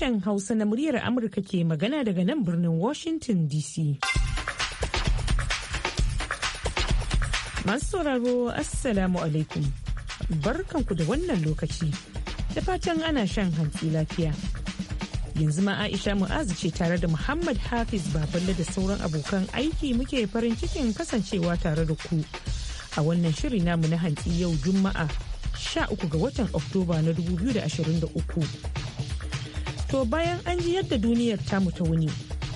sashen Hausa na muryar Amurka ke magana daga nan birnin Washington DC. Masu sauraro Assalamu alaikum. Barkanku da wannan lokaci. Da fatan ana shan hantsi lafiya. Yanzu ma Aisha Mu'azu ce tare da Muhammad Hafiz Baballe da sauran abokan aiki muke farin cikin kasancewa tare da ku. A wannan shiri namu na hantsi yau Juma'a 13 ga watan Oktoba na 2023. To bayan an ji yadda duniyar ta mutu ta wuni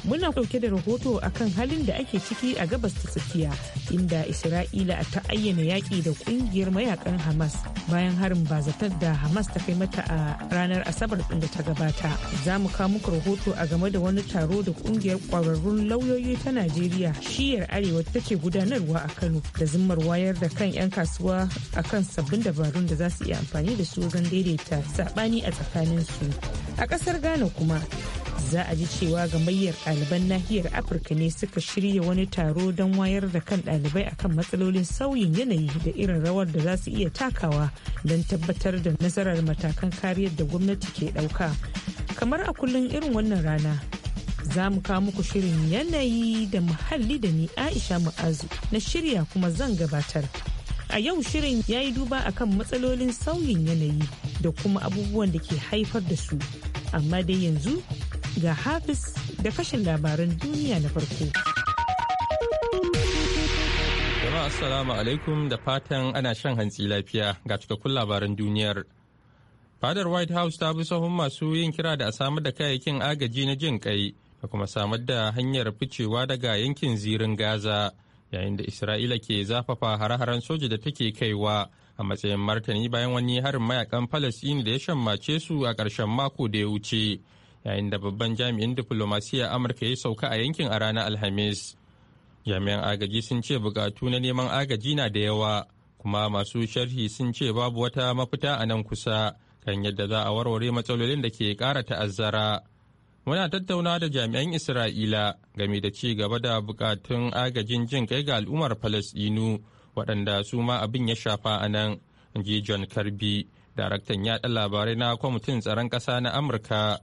muna dauke da rahoto akan halin da ake ciki a gabas ta tsakiya inda isra'ila ta ayyana yaƙi da ƙungiyar mayakan hamas bayan harin bazatar da hamas ta kai mata a ranar asabar ɗin da ta gabata za mu kawo muku rahoto a game da wani taro da ƙungiyar ƙwararrun lauyoyi ta najeriya shiyar arewa ta ce gudanarwa a kano da zimmar wayar da kan 'yan kasuwa akan sabbin dabarun da za su iya amfani da su wajen daidaita saɓani a tsakaninsu a ƙasar ghana kuma za a ji cewa gamayyar ɗaliban nahiyar afirka ne suka shirya wani taro don wayar da kan ɗalibai akan matsalolin sauyin yanayi da irin rawar da za su iya takawa don tabbatar da nasarar matakan kariyar da gwamnati ke ɗauka kamar a kullum irin wannan rana za mu kawo muku shirin yanayi da muhalli da ni aisha mu'azu na shirya kuma zan gabatar a yau shirin ya yi duba akan matsalolin sauyin yanayi da kuma abubuwan da ke haifar da su amma dai yanzu ga Hafiz da kashin labaran duniya na farko. Jama'a Assalamu alaikum da fatan ana shan hantsi lafiya ga cikakkun labaran duniyar. Fadar White House ta bi sahun masu yin kira da a samar da kayayyakin agaji na jin kai da kuma samar da hanyar ficewa daga yankin zirin Gaza yayin da Isra'ila ke zafafa hare-haren soja da take kaiwa a matsayin martani bayan wani harin mayakan Falasini da ya shammace su a ƙarshen mako da ya wuce. yayin da babban jami'in diflomasiyya amurka ya sauka a yankin a ranar alhamis jami'an agaji sun ce bukatu na neman agaji na da yawa kuma masu sharhi sun ce babu wata mafita a nan kusa kan yadda za a warware matsalolin da ke kara ta'azzara muna tattauna da jami'an isra'ila game da ci gaba da bukatun agajin jin kai ga al'ummar falasdinu waɗanda su ma abin ya shafa a nan ji john karbi daraktan yaɗa labarai na kwamitin tsaron ƙasa na amurka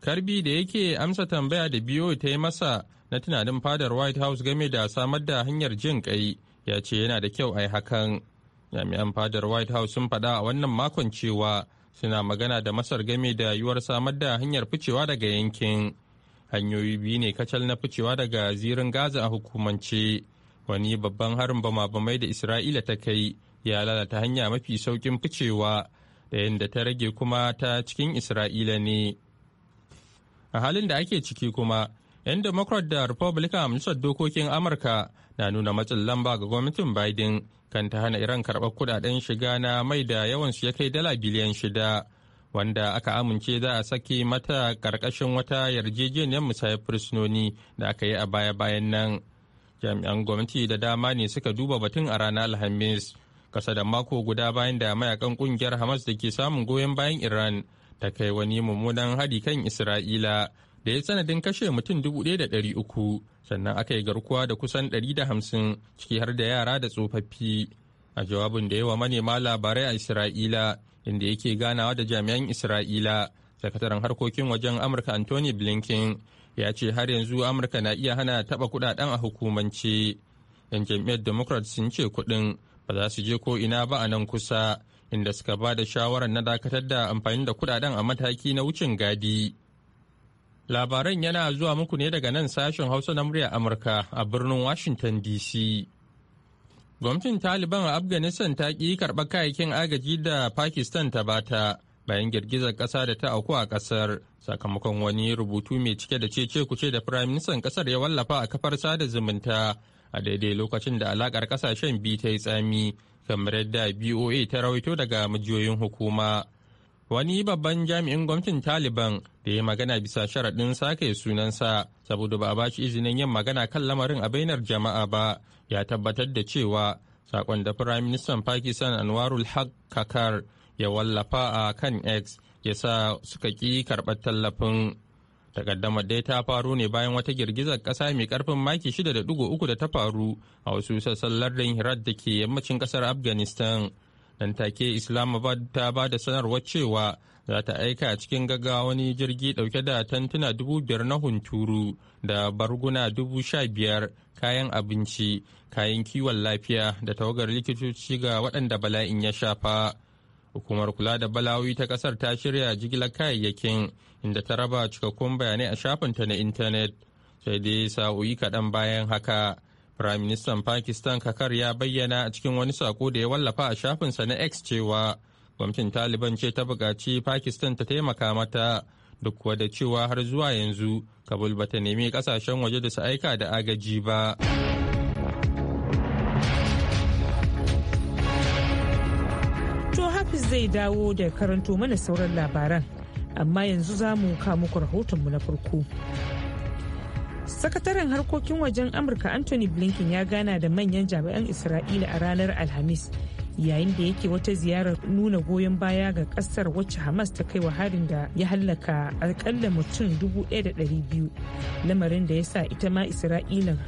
Karbi da yake amsa tambaya da biyo ta yi masa na tunanin fadar White House game da samar da hanyar jin kai ya ce yana da kyau a yi hakan. Jami'an fadar White House sun faɗa a wannan makon cewa suna magana da Masar game da yiwuwar samar da hanyar ficewa daga yankin. Hanyoyi biyu ne kacal na ficewa daga zirin Gaza a hukumance. Wani babban harin bama-bamai da Isra'ila ta kai ya lalata hanya mafi saukin ficewa da yadda ta rage kuma ta cikin Isra'ila ne. a halin da ake ciki kuma 'yan democrat da republican amsar dokokin amurka na nuna matsin lamba ga gwamnatin biden kan ta hana iran karɓar kudaden shiga na mai da yawan su ya kai dala biliyan shida wanda aka amince za a sake mata karkashin wata yarjejeniyar musayar fursunoni da aka yi a baya-bayan nan jami'an gwamnati da dama ne suka duba batun a ranar alhamis kasa da mako guda bayan da mayakan ƙungiyar hamas da ke samun goyon bayan iran ta kai wani mummunan hari kan Isra'ila da ya sanadin kashe mutum dubu da uku sannan aka yi garkuwa da kusan da hamsin ciki har da yara da tsofaffi a jawabin da yawa manema labarai a isra'ila inda yake ganawa da jami'an isra'ila sakataren harkokin wajen amurka anthony blinken ya ce har yanzu amurka na iya hana taɓa kudaden a hukumance yan jam'iyyar democrat sun ce kuɗin ba za su je ko ina ba a nan kusa inda suka ba da shawarar na dakatar da amfani da kudaden a mataki na wucin gadi. Labaran yana zuwa muku ne daga nan sashen Hausa na murya Amurka a birnin Washington DC. Gwamnatin Taliban a Afghanistan ta ƙi karɓar kayayyakin agaji da Pakistan ta bata bayan girgizar ƙasa da ta auku a ƙasar sakamakon wani rubutu mai cike da cece kuce da firaministan ƙasar ya wallafa a kafar sada zumunta a daidai lokacin da alaƙar ƙasashen biyu ta yi tsami kamar yadda BOA ta rawaito daga majiyoyin hukuma. Wani babban jami'in gwamnatin Taliban da ya magana bisa sharaɗin sake sunansa saboda ba a ba shi izinin yin magana kan lamarin a bainar jama'a ba ya tabbatar da cewa sakon da Firayim Ministan Pakistan Anwarul Haq Kakar ya wallafa a kan X ya sa suka ƙi karɓar tallafin. takaddamar dai ta faru ne bayan wata girgizar kasa mai karfin maki 6.3 da ta faru a wasu sassan lardin hirat da ke yammacin kasar afghanistan dan take islamabad ta ba da sanarwar cewa za ta aika a cikin gaggawa wani jirgi dauke da tantuna dubu biyar na hunturu da barguna dubu sha kayan abinci kayan kiwon lafiya da tawagar likitoci ga waɗanda bala'in ya shafa hukumar kula da balawi ta kasar ta shirya jigilar kayayyakin inda ta raba cikakkun bayanai a shafinta na intanet sai dai sa'o'i kaɗan bayan haka firaministan pakistan kakar ya bayyana a cikin wani sako da ya wallafa a shafinsa na x cewa gwamnatin taliban ce ta buƙaci pakistan ta taimaka mata duk kuwa da cewa har zuwa yanzu kabul bata nemi ƙasashen waje da su aika da agaji ba. zai dawo da karanto mana sauran labaran amma yanzu za mu muku mu na farko sakataren harkokin wajen amurka anthony blinken ya gana da manyan jami'an isra'ila a ranar alhamis yayin da yake wata ziyarar nuna goyon baya ga kasar wacce hamas ta kai wa harin da ya hallaka akalla mutum 1,200 lamarin da ya sa ita ma isra'ilan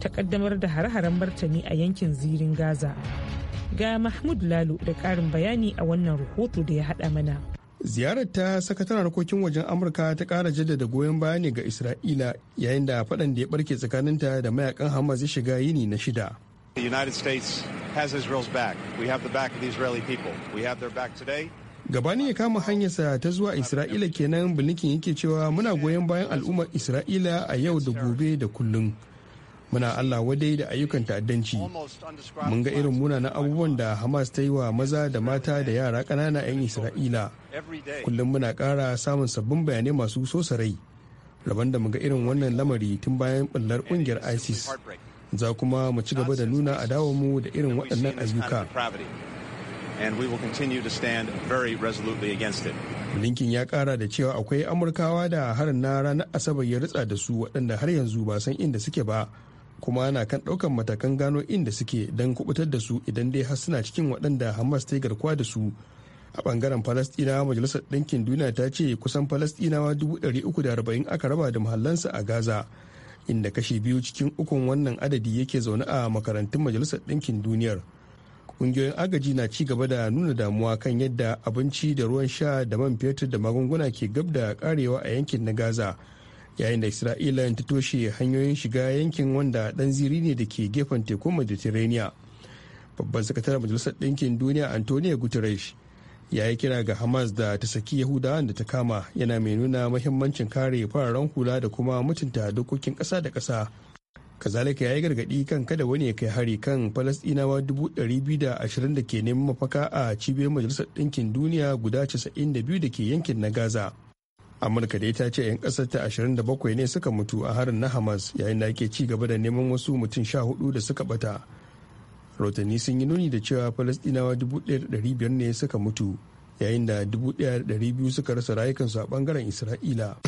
ta kaddamar da hare-haren martani a yankin zirin gaza Ga Mahmud Lalu da karin bayani a wannan rahoto da ya hada mana. ziyarar ta sakataren harkokin wajen amurka ta kara jaddada goyon baya ne ga isra'ila yayin da faɗan da ya barke tsakaninta da mayakan hamas ya shiga yini na shida gabani ya kama hanyarsa ta zuwa isra'ila kenan blinken yake cewa muna goyon bayan al'ummar isra'ila a yau da gobe da kullum muna allah wadai da ayyukan ta'addanci mun ga irin muna na abubuwan da hamas ta yi wa maza da mata da yara ƙanana 'yan isra'ila kullum muna ƙara samun sabbin bayanai masu sosa rai rabon da muga irin wannan lamari tun bayan ɓullar ƙungiyar isis za kuma mu ci gaba da nuna a mu da irin waɗannan ayyuka linkin ya kara da cewa akwai amurkawa da harin na ranar asabar ya ritsa da su waɗanda har yanzu ba san inda suke ba kuma ana kan ɗaukan matakan gano inda suke don kubutar da su idan dai har suna cikin waɗanda hamas ta yi garkuwa da su a bangaren falastinawa majalisar ɗinkin duniya ta ce kusan falastinawa 340 aka raba da mahallansu a gaza inda kashi biyu cikin ukun wannan adadi yake zaune a makarantun majalisar ɗinkin duniyar ƙungiyoyin agaji na ci gaba da nuna damuwa kan yadda abinci da ruwan sha da man fetur da magunguna ke gab da karewa a yankin na gaza yayin da isra'ila ta toshe hanyoyin shiga yankin wanda dan ziri ne da ke gefen tekun mediterranean babban sakataren majalisar ɗinkin duniya antonio guterres ya yi kira ga hamas da ta saki yahudawan da ta kama yana mai nuna mahimmancin kare fararen hula da kuma mutunta dokokin ƙasa da ƙasa kazalika ya yi gargaɗi kan kada wani ya kai hari kan falasɗinawa 220 da ke neman mafaka a cibiyar majalisar ɗinkin duniya guda 92 da ke yankin na gaza amurka dai ta ce 'yan kasar ta 27 ne suka mutu a harin na hamas yayin da ake ci gaba da neman wasu mutum 14 da suka bata rotanni sun yi nuni da cewa falastinawa 1,500 ne suka mutu yayin da 1,200 suka rasa rayukansu a bangaren isra'ila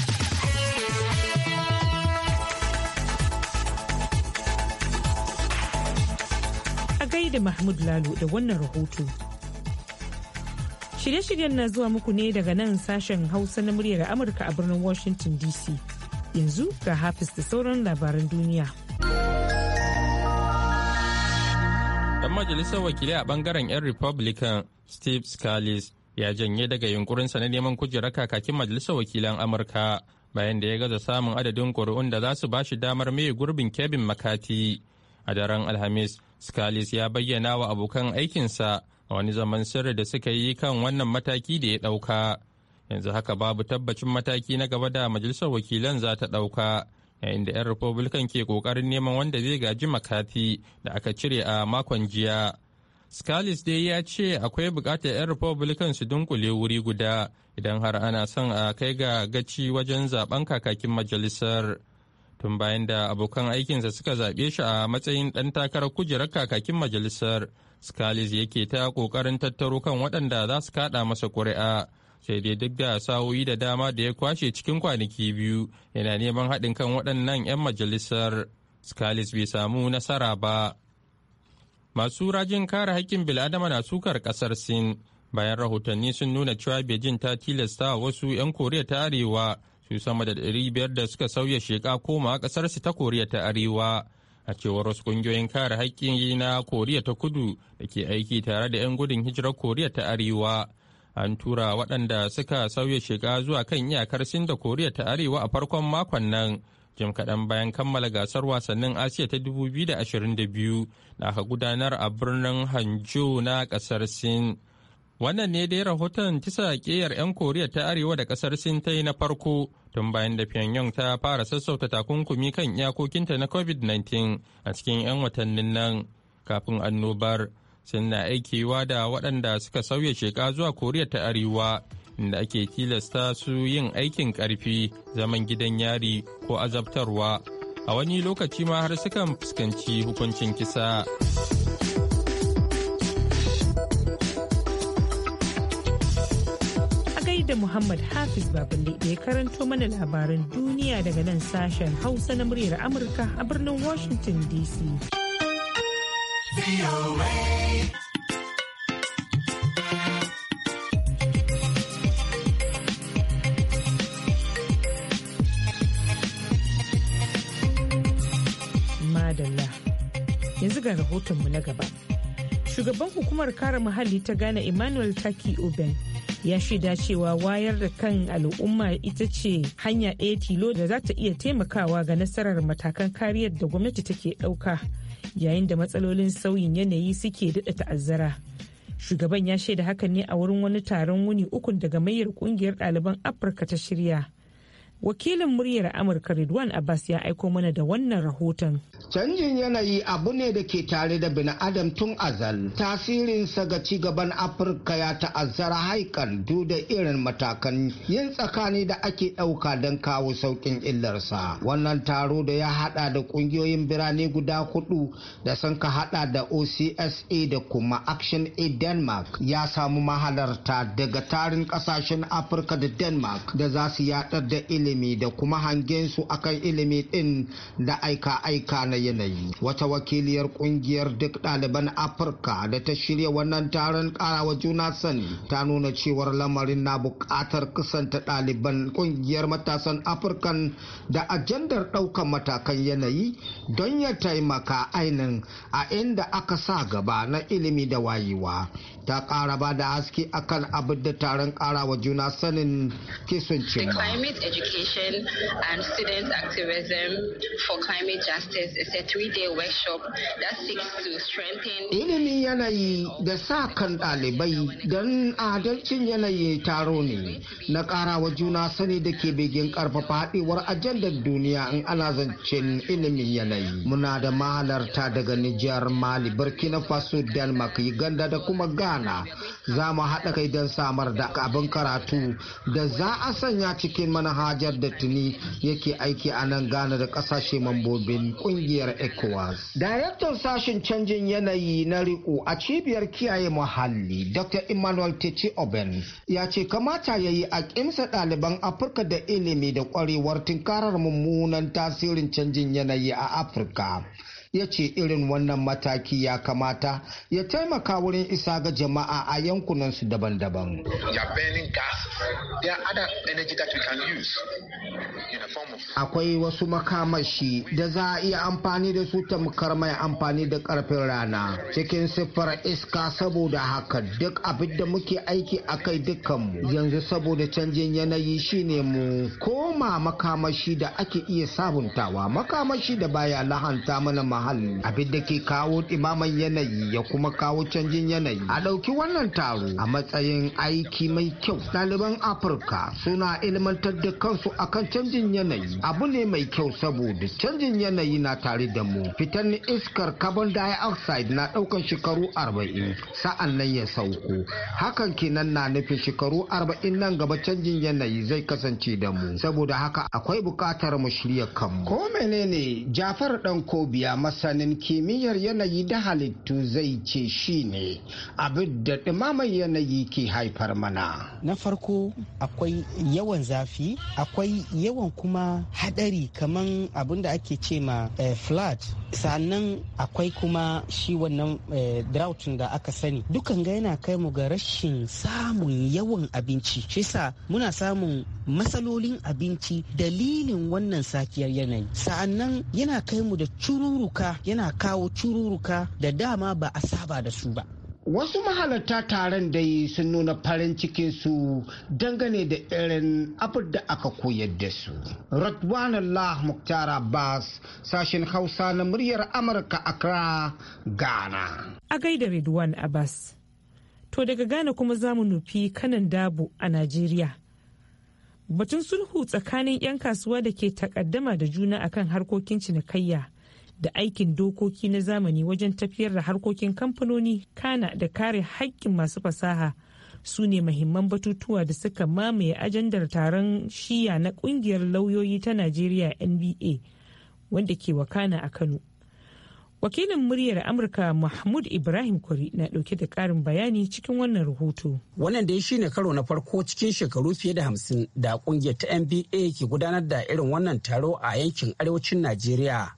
a gaida mahmud lalo da wannan rahoto Shirye-shiryen na zuwa muku ne daga nan sashen Hausa na muryar Amurka a birnin Washington DC. Yanzu ga Hafiz da sauran labaran duniya. Dan majalisar wakilai a bangaren 'yan Republican Steve Scalise ya janye daga yunkurinsa na neman kujerar kakakin majalisar wakilan Amurka bayan da ya gaza samun adadin ƙuri'un da za su ba shi damar mai gurbin Kevin Makati. A daren Alhamis, Scalise ya bayyana wa abokan aikinsa a wani zaman sirri da suka yi kan wannan mataki da ya ɗauka yanzu haka babu tabbacin mataki na gaba da majalisar wakilan za ta ɗauka yayin da 'yan republican ke ƙoƙarin neman wanda zai gaji makati da aka cire a makon jiya scalis dai ya ce akwai bukatar 'yan republican su dunkule wuri guda idan har ana son a kai ga gaci wajen zaben kakakin majalisar tun bayan da abokan aikinsa suka zaɓe shi a matsayin ɗan takarar kujerar kakakin majalisar Scalis yake ta ƙoƙarin tattaro kan waɗanda za su kaɗa masa ƙuri'a. sai dai duk da sa'o'i da dama da ya kwashe cikin kwanaki biyu yana neman haɗin kan waɗannan 'yan majalisar scalis bai samu nasara ba masu rajin kare haƙƙin bil'adama na sukar ƙasar sin bayan rahotanni sun nuna cewa beijing ta tilasta wasu 'yan koriya ta arewa su sama da 500 da suka sauya sheka koma ƙasarsu ta koriya ta arewa a cewar wasu kungiyoyin kare haƙƙi na koriya ta kudu da ke aiki tare da 'yan gudun hijirar koriya ta arewa an tura waɗanda suka sauya shiga zuwa kan iyakar sin da koriya ta arewa a farkon makon nan jim kaɗan bayan kammala gasar wasannin asiya ta 2022 da aka gudanar a birnin hanjo na ƙasar sin Wannan ne dai rahoton kisa ƙeyar 'yan Koriya ta Arewa da ƙasar Sin ta yi na farko tun bayan da Pyongyang ta fara sassauta takunkumi kan iyakokinta na COVID-19 a cikin 'yan watannin nan kafin annobar. Sun na aikiwa da waɗanda suka sauya sheka zuwa Koriya ta Arewa inda ake tilasta su yin aikin ƙarfi zaman gidan yari ko azabtarwa. A wani lokaci ma har sukan fuskanci hukuncin kisa. da Muhammad Hafiz Baballe da ya karanto mana labaran duniya daga nan sashen Hausa na muryar Amurka a birnin Washington DC. Madalla, yanzu ga rahotonmu na gaba. Shugaban hukumar kare muhalli ta Ghana Emmanuel Taki Oben ya shaida cewa wayar da kan al'umma ita ce hanya ɗaya tilo da za ta iya taimakawa ga nasarar matakan kariyar da gwamnati take ɗauka yayin da matsalolin sauyin yanayi suke daɗa ta'azzara. Shugaban ya shaida hakan ne a wurin wani taron wuni ukun daga mayar ƙungiyar ɗaliban Afirka ta shirya. wakilin muryar amurka ridwan abbas ya aiko mana da wannan rahoton canjin yanayi abu ne da ke tare da bin adam tun azal tasirinsa ga ci gaban afirka ya ta'azzara haikan duk da irin matakan yin tsakani da ake ɗauka don kawo sauƙin illarsa wannan taro da ya hada da ƙungiyoyin birane guda hudu da sun ka hada da ocsa da kuma action aid denmark ya samu mahalarta daga tarin ƙasashen afirka da denmark da za su yaɗar da ilimin ilimi da kuma hangen su akan ilimi din da aika-aika na yanayi wata wakiliyar kungiyar duk ɗaliban afirka da ta shirya wannan taron karawa juna sani ta nuna cewar lamarin na buƙatar kusanta ɗaliban kungiyar matasan afirkan da ajandar ɗaukar matakan yanayi don ya taimaka ainin a inda aka sa gaba na ilimi da wayewa ta kara ba da haske akan abin da taron kara wa juna sanin ke sun The climate education and student activism for climate justice is a three-day workshop that seeks to strengthen. Ilimin yanayi da sa kan ɗalibai don adalcin yanayi taro ne na ƙarawa wa juna sani da ke begin ƙarfafa haɗewar ajandar duniya in ana zancen ilimin yanayi. Muna da mahalarta daga Nijar, Mali, Burkina Faso, Denmark, Uganda da kuma Ghana. kana za mu haɗa kai don samar da abin karatu da za a sanya cikin manhajar da tuni yake aiki a nan Ghana da ƙasashe mambobin ƙungiyar ECOWAS. Daraktan sashen canjin yanayi na Riƙo a cibiyar kiyaye muhalli Dr. Emmanuel Tete Oben ya ce kamata ya yi a ƙimsa ɗaliban Afirka da ilimi da ƙwarewar tunkarar mummunan tasirin canjin yanayi a Afirka. ya ce irin wannan mataki ya kamata ya taimaka wurin isa ga jama'a a yankunansu daban-daban. Akwai wasu makamashi da za a iya amfani da su tamkar mai amfani da karfin rana cikin siffar iska saboda haka duk abin da muke aiki a kai dukkanmu yanzu saboda canjin yanayi shine mu koma makamashi da ake iya sabuntawa makamashi da baya lahanta mana mahalli abin da ke kawo ɗimaman yanayi ya kuma kawo canjin yanayi a ɗauki wannan taro a matsayin aiki mai kyau ɗaliban afirka suna ilmantar da kansu akan canjin yanayi abu ne mai kyau saboda canjin yanayi na tare da mu fitar iskar carbon dioxide na ɗaukan shekaru 40 sa'an nan ya sauko hakan kenan na nufin shekaru 40 nan gaba canjin yanayi zai kasance da mu saboda haka akwai bukatar mu shirya kanmu ko menene jafar dan kobiya masanin kimiyyar yanayi da halittu zai ce shi ne abin da ɗumamar yanayi ke haifar mana. Na farko akwai yawan zafi, akwai yawan kuma haɗari kaman abin da ake ce ma eh, flat. sannan akwai kuma shi wannan eh, drought da aka sani dukan ga yana kai mu ga rashin samun yawan abinci shi sa muna samun matsalolin abinci dalilin wannan safiyar yanayi sa'annan yana kai mu da cururuka yana kawo cururuka da dama ba a saba da su ba wasu mahalarta taron dai sun nuna farin cikin su dangane da irin abin da aka koyar da su Allah muktar abbas sashen hausa na muryar amurka accra ghana a gaida ridwan abbas to daga ghana kuma za mu nufi kanan dabu a najeriya batun sulhu tsakanin 'yan kasuwa da ke takaddama da juna akan harkokin cinikayya da aikin dokoki na zamani wajen tafiyar da harkokin kamfanoni kana da kare haƙƙin masu fasaha su ne mahimman batutuwa da suka mamaye ajandar taron shiya na ƙungiyar lauyoyi ta najeriya nba wanda ke wakana a kano wakilin muryar amurka mahmud ibrahim kwari na dauke da karin bayani cikin wannan rahoto wannan dai shine karo na farko cikin shekaru fiye da hamsin da kungiyar ta nba ke gudanar da irin wannan taro a yankin arewacin najeriya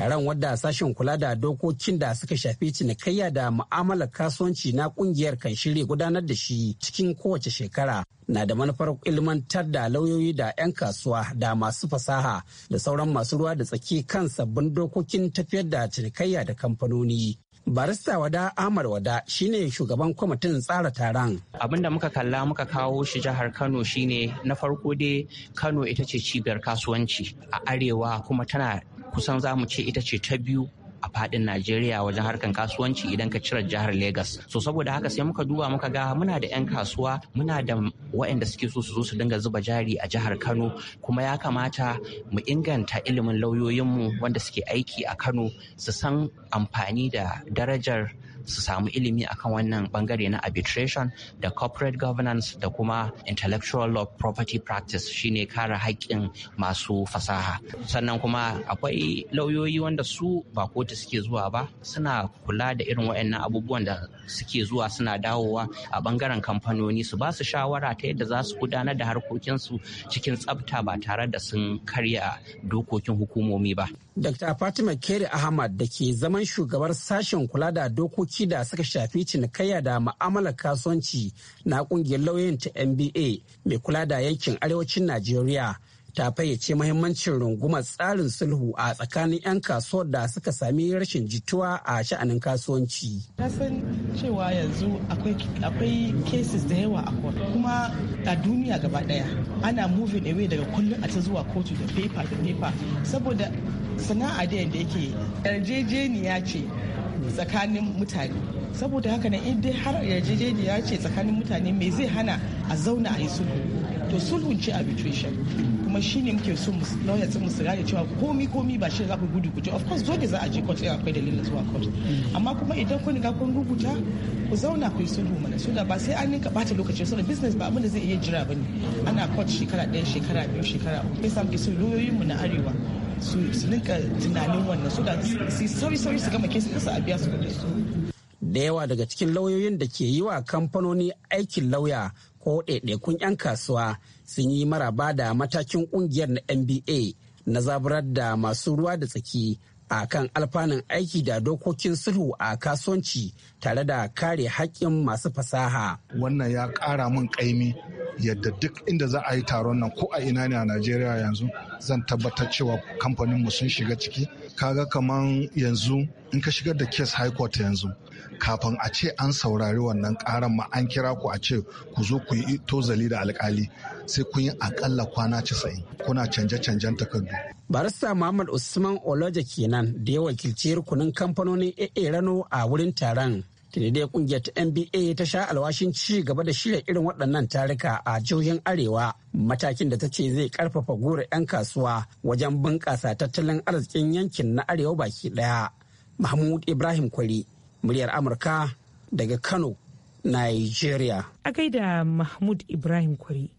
taron wadda sashen kula da dokokin da suka shafi cinikayya da mu'amalar kasuwanci na kungiyar kan shirya gudanar da shi cikin kowace shekara na da manufar ilmantar da lauyoyi da 'yan kasuwa da masu fasaha da sauran masu ruwa da tsaki kan sabbin dokokin tafiyar da cinikayya da kamfanoni barista wada amar wada shine shugaban kwamitin tsara taron abin da muka kalla muka kawo shi jihar kano shine na farko dai kano ita ce cibiyar kasuwanci a arewa kuma tana kusan za mu ce ita ce ta biyu a fadin Najeriya wajen harkar kasuwanci idan ka cire jihar Legas. So saboda haka sai muka duba muka ga muna da 'yan kasuwa muna da waɗanda suke so su zo su dinga zuba jari a jihar Kano kuma ya kamata mu inganta ilimin lauyoyinmu wanda suke aiki a Kano su san amfani da darajar su samu ilimi akan wannan bangare na arbitration da corporate governance da kuma intellectual law property practice shine kare haƙƙin masu fasaha sannan kuma akwai lauyoyi wanda su ba kotu suke zuwa ba suna kula da irin waɗannan abubuwan da suke zuwa suna dawowa a bangaren kamfanoni su ba su shawara ta yadda za su gudanar da harkokinsu cikin tsabta ba tare da sun karya dokokin hukumomi ba. Dr. Fatima Keri Ahmad da ke zaman shugabar sashen kula da dokoki da suka shafi cinikayya da ma'amalar kasuwanci na kungiyar lauyan ta NBA mai kula da yankin arewacin Najeriya ta fayyace mahimmancin rungumar tsarin sulhu a tsakanin 'yan kasuwar da suka sami rashin jituwa a sha'anin kasuwanci. Na san cewa yanzu akwai cases da yawa a kotu kuma a duniya gaba daya ana moving away daga kullum a ta zuwa kotu da paper da paper saboda sana'a da yadda yake yarjejeniya ce tsakanin mutane saboda haka na dai har yarjejeniya ce tsakanin mutane mai zai hana a zauna a yi sulhu to sulhun ce arbitration kuma shi ne muke so lawyers sun musu gane cewa komi komi ba shi za ku gudu ku of course dole za a je court eh, akwai dalilin zuwa court amma kuma idan kun ga kun rubuta ku zauna ku yi sulhu mana so da ba sai an ninka bata lokaci so da business ba abin da zai iya jira bane ana court shekara ɗaya shekara biyu shekara uku sai samu ke so mu na arewa su ninka tunanin wannan su da su sauri sauri su gama kesa kasa a biya su kudin su da yawa daga cikin lauyoyin da ke yi wa kamfanoni aikin lauya ko ɗaiɗaikun 'yan kasuwa sun yi maraba da matakin ƙungiyar na nba na zaburar da masu ruwa da tsaki a kan alfanun aiki da dokokin sulhu a kasuwanci tare da kare haƙƙin masu fasaha. Wannan ya ƙara min ƙaimi yadda duk inda za a yi taron nan ko a ina ne a Najeriya yanzu zan tabbatar cewa kamfaninmu sun shiga ciki kaga kaman yanzu in ka shigar da case high court yanzu kafin a ce an saurari wannan karan ma an kira ku a ce ku zo ku yi tozali da alkali sai kun yi akalla kwana casa'in kuna canje-canjen takardu. barista muhammad usman oloja kenan da ya wakilci rukunin kamfanonin a rano a wurin taron dai kungiyar ta nba ta sha alwashin ci gaba da shirya irin waɗannan tarika a jihohin arewa matakin da ta ce zai ƙarfafa gora 'yan kasuwa wajen bunƙasa tattalin arzikin yankin na arewa baki ɗaya mahmud ibrahim kwari muryar amurka daga kano nigeria a gaida mahmud ibrahim kwari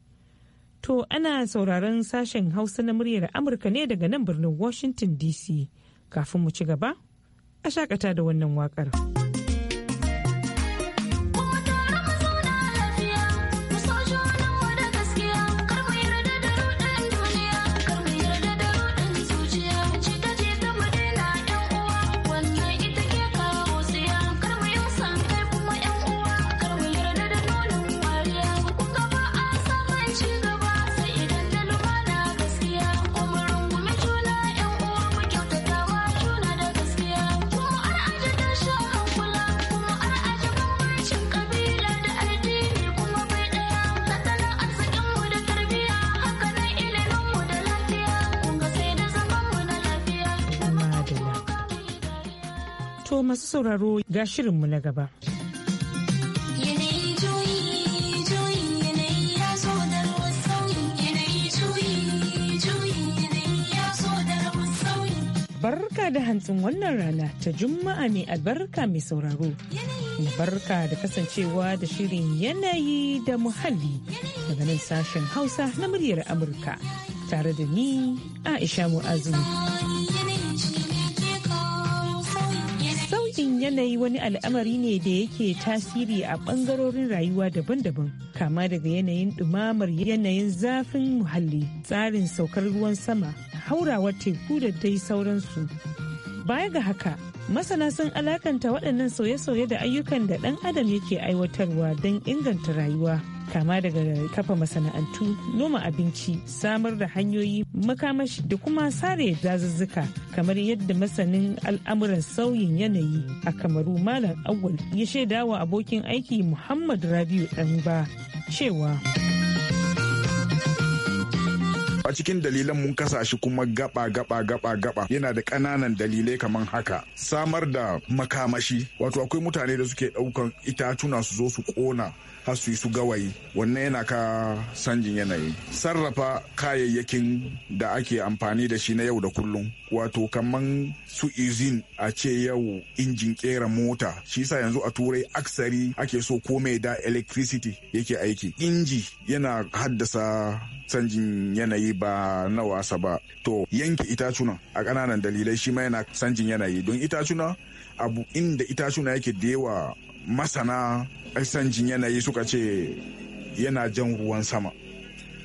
to ana sauraron sashen hausa na muryar amurka ne daga nan birnin washington dc kafin mu ci gaba a shakata da wannan waƙar. sauraro ga shirinmu na gaba. Barka da hantsin wannan rana ta Juma'a mai albarka mai sauraro. Barka da kasancewa da shirin yanayi da muhalli daga nan sashen Hausa na muryar Amurka tare da ni Aisha Mu'azu. yanayi wani al'amari ne da yake tasiri a ɓangarorin rayuwa daban-daban kama daga yanayin ɗumamar yanayin zafin muhalli tsarin saukar ruwan sama haurawar teku da dai sauransu baya ga haka masana sun alakanta waɗannan sauye-sauye da ayyukan da ɗan adam yake aiwatarwa don inganta rayuwa kama daga kafa masana'antu noma abinci samar da hanyoyi makamashi da kuma sare dazuzzuka kamar yadda masanin al'amuran sauyin yanayi a kamaru malam awwal ya shaidawa abokin aiki muhammad rabiu ɗan ba cewa a cikin dalilan mun kasa shi kuma gaba gaba gaba gaba yana da ƙananan dalilai kamar haka samar da makamashi wato akwai mutane da suke ɗaukan itatuna su zo su ƙona har su yi su gawayi wannan yana ka sanjin yanayi sarrafa kayayyakin da ake amfani da shi na yau da kullum wato kaman su izin a ce yau injin kera mota shi sa yanzu a turai aksari ake so komai da electricity yake aiki inji yana haddasa canjin yanayi ba na wasa ba to yanke itacuna a ƙananan dalilai shi ma yana canjin yanayi don itacuna abu inda itacuna yake da yawa masana canjin yanayi suka ce yana jan ruwan sama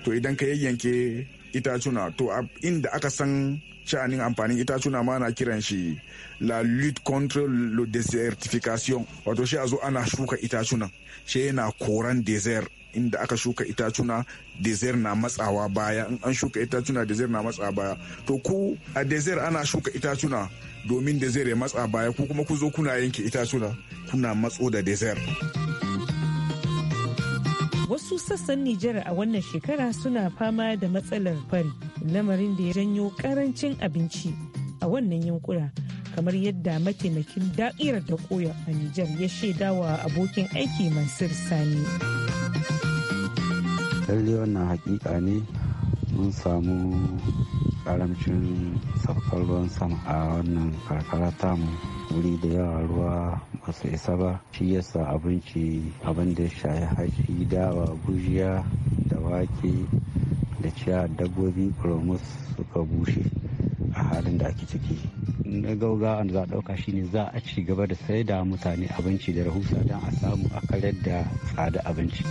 to idan ka yayyanke itacuna to inda aka san sha'anin amfanin itacuna ma na kiran shi la lutte contre le desertification wato shi a zo ana shuka itacuna shi yana koran desert inda aka shuka itacuna desert na matsawa baya in an shuka itacuna desert na matsawa baya to ku a desert ana shuka itacuna domin desert ya matsa baya ku kuma ku zo kuna yanke itacuna kuna matso da desert wasu sassan Nijar a wannan shekara suna fama da matsalar fari lamarin da ya janyo karancin abinci a wannan yankuna kamar yadda mataimakin da'irar da koya a Nijar ya shaidawa abokin aiki Mansur Sani. lalle wannan hakika ne mun samu karamcin saukar ruwan sama a wannan karkara mu wuri da yawa ruwa masu isa ba shi yasa abinci abin da ya shayi haji dawa gujiya da wake da ciya dabbobi kuromus suka bushe a halin da ake ciki na gauga gaugawa za a ɗauka shine za a ci gaba da sai da mutane abinci da rahusa don a samu a karyar da tsada abinci.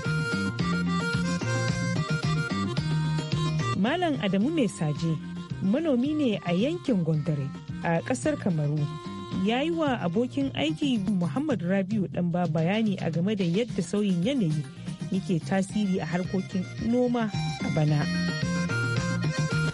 Malam Adamu Mai Saje manomi ne a yankin Gondare a ƙasar Kamaru. Ya yi wa abokin aiki Muhammad Rabiu ɗan ba bayani a game da yadda sauyin yanayi yake tasiri a harkokin noma a bana.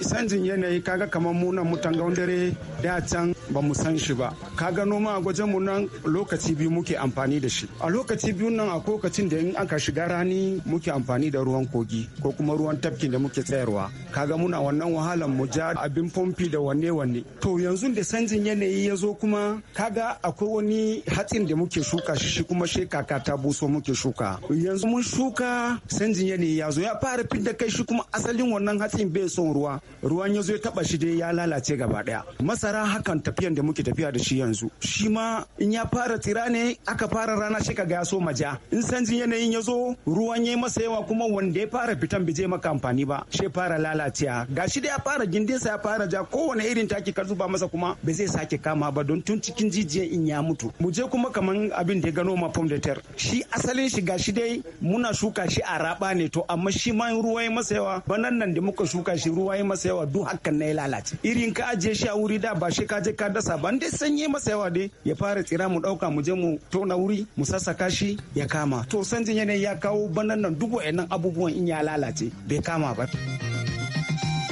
canjin yanayi kaga kamar munan mutan dare da can ba mu san shi ba kaga noma a gwajen mu nan lokaci biyu muke amfani da shi a lokaci biyu nan a lokacin da in aka shiga rani muke amfani da ruwan kogi ko kuma ruwan tafkin da muke tsayarwa kaga muna wannan wahalan mu ja abin pompi da wanne wanne to yanzu da canjin yanayi ya zo kuma kaga akwai wani hatsin da muke shuka shi shi kuma shi kaka ta buso muke shuka yanzu mun shuka canjin yanayi ya zo ya fara fidda kai shi kuma asalin wannan hatsin bai son ruwa ruwan ya zo ya taba shi dai ya lalace gaba daya masara hakan tafiyan da muke tafiya da shi yanzu shi ma in ya fara tsira ne aka fara rana shi kaga ya so maja in sanjin yanayin ya zo ruwan ya masa yawa kuma wanda ya fara fitan bai je maka amfani ba shi fara lalacewa shi dai ya fara gindin sa ya fara ja kowane irin taki ka zuba masa kuma ba zai sake kama ba don tun cikin jijiyan in ya mutu mu je kuma kaman abin da ya gano ma pom de asalin shi asalin shi gashi dai muna shuka shi a raba ne to amma shi ma ruwa ya masa yawa banan nan da muka shuka shi ruwa ya masa yawa duk hakan na ya lalace irin ka ajiye shi a wuri da ba shi ka je ka dasa ba dai sanye masa yawa dai ya fara tsira mu dauka mu je mu tona wuri mu sassaka shi ya kama to sanjin yanayi ya kawo banan nan duk wayannan abubuwan in ya lalace bai kama ba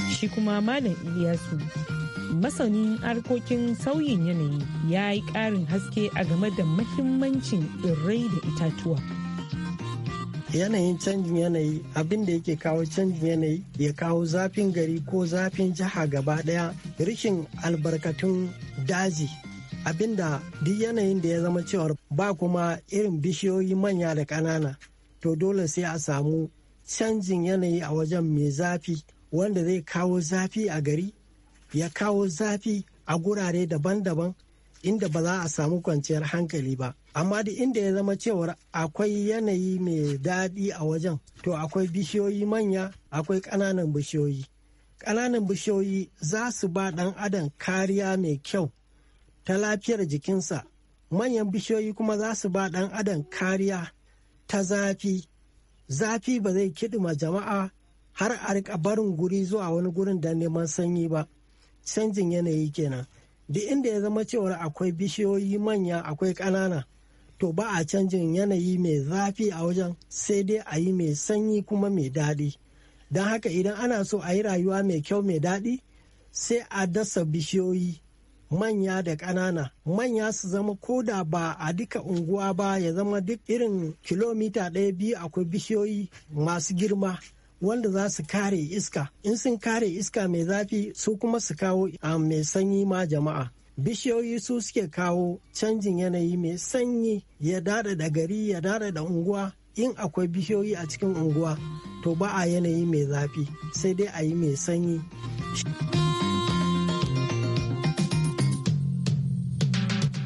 shi kuma malam Iliyasu masanin harkokin sauyin yanayi ya yi ƙarin haske a game da mahimmancin tsirrai da itatuwa yanayin canjin yanayi abin da yake kawo canjin yanayi ya kawo zafin gari ko zafin jiha gaba daya rikin albarkatun daji abin da duk yanayin da ya zama cewar ba kuma irin bishiyoyi manya da ƙanana to dole sai a samu canjin yanayi a wajen mai zafi wanda zai kawo zafi a gari ya kawo zafi a gurare daban-daban inda ba za a samu kwanciyar hankali ba amma da inda ya zama cewa akwai yanayi mai daɗi a wajen to akwai bishiyoyi manya akwai ƙananan bishiyoyi ƙananan bishiyoyi za su ba ɗan adam kariya mai kyau ta lafiyar jikinsa manyan bishiyoyi kuma za su ba ɗan adam kariya ta zafi zafi ba zai kiɗima jama'a har a rika barin guri zuwa wani gurin da neman sanyi ba canjin yanayi kenan duk inda ya zama cewar akwai bishiyoyi manya akwai ƙanana to ba a canjin yanayi mai zafi a wajen sai dai a yi mai sanyi kuma mai daɗi don haka idan ana so a yi rayuwa mai kyau mai daɗi sai a dasa bishiyoyi manya da ƙanana manya su zama ko da ba a duka unguwa ba ya zama duk irin kilomita ɗaya biyu akwai bishiyoyi masu girma wanda za su kare iska in sun kare iska mai zafi su kuma su kawo a ah, mai sanyi ma jama'a bishiyoyi su suke kawo canjin yanayi mai sanyi ya dada da gari ya dada da unguwa in akwai bishiyoyi a cikin unguwa to ba a yanayi mai zafi sai dai a yi mai sanyi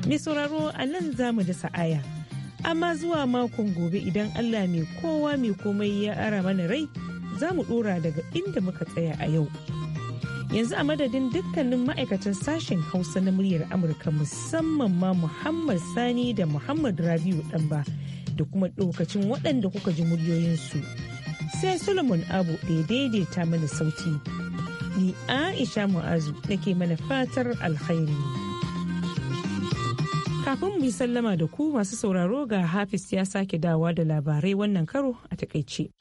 mai sauraro a nan zamu da sa'aya amma zuwa makon gobe idan allah mai kowa mai komai ya ara mana rai za mu dora daga inda muka tsaya a yau yanzu a madadin dukkanin ma'aikatan sashen hausa na muryar amurka musamman ma muhammad sani da muhammad rabiu ɗanba da kuma ɗaukacin waɗanda kuka ji muryoyinsu sai solomon abu ɗaya daidaita mana sauti ni aisha mu'azu nake mana fatar alkhairi kafin mu sallama da ku masu sauraro ga hafiz ya sake dawa da labarai wannan karo a takaice.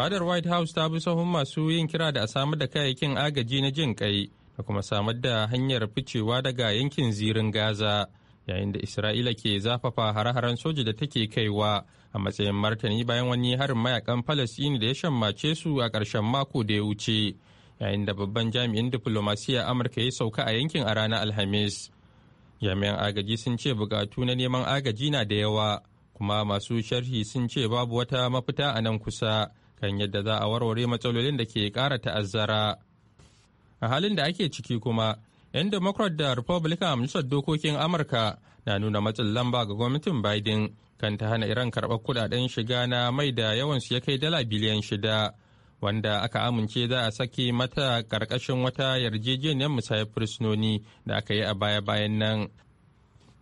fadar white house ta bi sahun masu yin kira da a samar da kayayyakin agaji na jin kai da kuma samar da hanyar ficewa daga yankin zirin gaza yayin da isra'ila ke zafafa hare-haren soja da take kaiwa a matsayin martani bayan wani harin mayakan falasini da ya shammace su a ƙarshen mako da ya wuce yayin da babban jami'in diflomasiyya amurka ya sauka a yankin a ranar alhamis jami'an agaji sun ce bukatu na neman agaji na da yawa kuma masu sharhi sun ce babu wata mafita a nan kusa kan yadda za a warware matsalolin da ke kara ta'azzara. A halin da ake ciki kuma, 'yan Democrat da Republican a Dokokin Amurka na nuna matsin lamba ga gwamnatin Biden kan ta hana Iran karɓar kudaden shiga na mai da yawan su ya kai dala biliyan shida, wanda aka amince za a saki mata ƙarƙashin wata yarjejeniyar musayar fursunoni da aka yi a baya-bayan nan.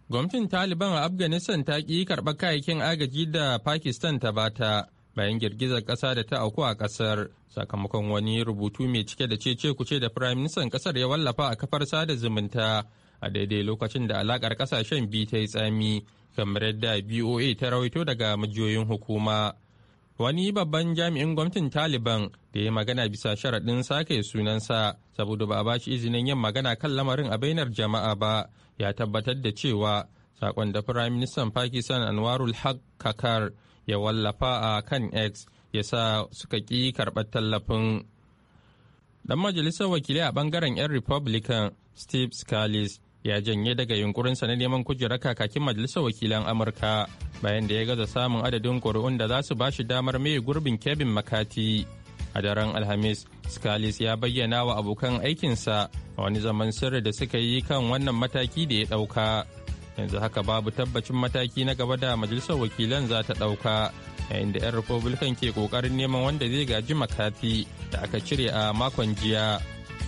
Gwamnatin Taliban a Afghanistan ta ƙi karɓar kayayyakin agaji da Pakistan ta bata. bayan girgizar ƙasa da ta auku a kasar sakamakon wani rubutu mai cike da cece kuce da firaministan kasar ya wallafa a kafar sada zumunta a daidai lokacin da alakar kasashen biyu ta yi tsami kamar yadda boa ta rawaito daga majiyoyin hukuma wani babban jami'in gwamnatin taliban da ya magana bisa sharaɗin sake sunansa saboda ba a ba shi izinin yin magana kan lamarin a bainar jama'a ba ya tabbatar da cewa sakon da firayim ministan pakistan anwarul haq ya wallafa a kan X ya sa suka ki karɓar tallafin. Dan majalisar wakilai a ɓangaren 'yan Republican Steve Scalise ya janye daga yunkurinsa na neman kujerar kakakin majalisar wakilan Amurka bayan da ya gaza samun adadin kuri'un da za su ba shi damar mai gurbin Kevin makati A daren Alhamis, Scalise ya bayyana wa abokan aikinsa a wani zaman sirri da suka yi kan wannan mataki da ya ɗauka. yanzu haka babu tabbacin mataki na gaba da majalisar wakilan za ta ɗauka yayin da 'yan republican ke ƙoƙarin neman wanda zai gaji makati da aka cire a makon jiya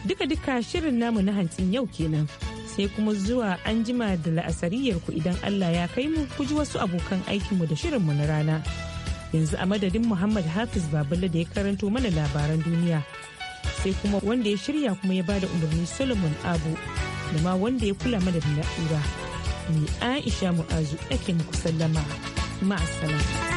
duka-duka shirin namu na hantsin yau kenan sai kuma zuwa an jima da la'asariyar ku idan allah ya kai mu ku ji wasu abokan aikinmu da shirin mu na rana yanzu a madadin muhammad hafiz babala da ya karanto mana labaran duniya sai kuma wanda ya shirya kuma ya bada umarni solomon abu da ma wanda ya kula mana da na'ura اسمي عائشة مؤاز أكن مع السلامة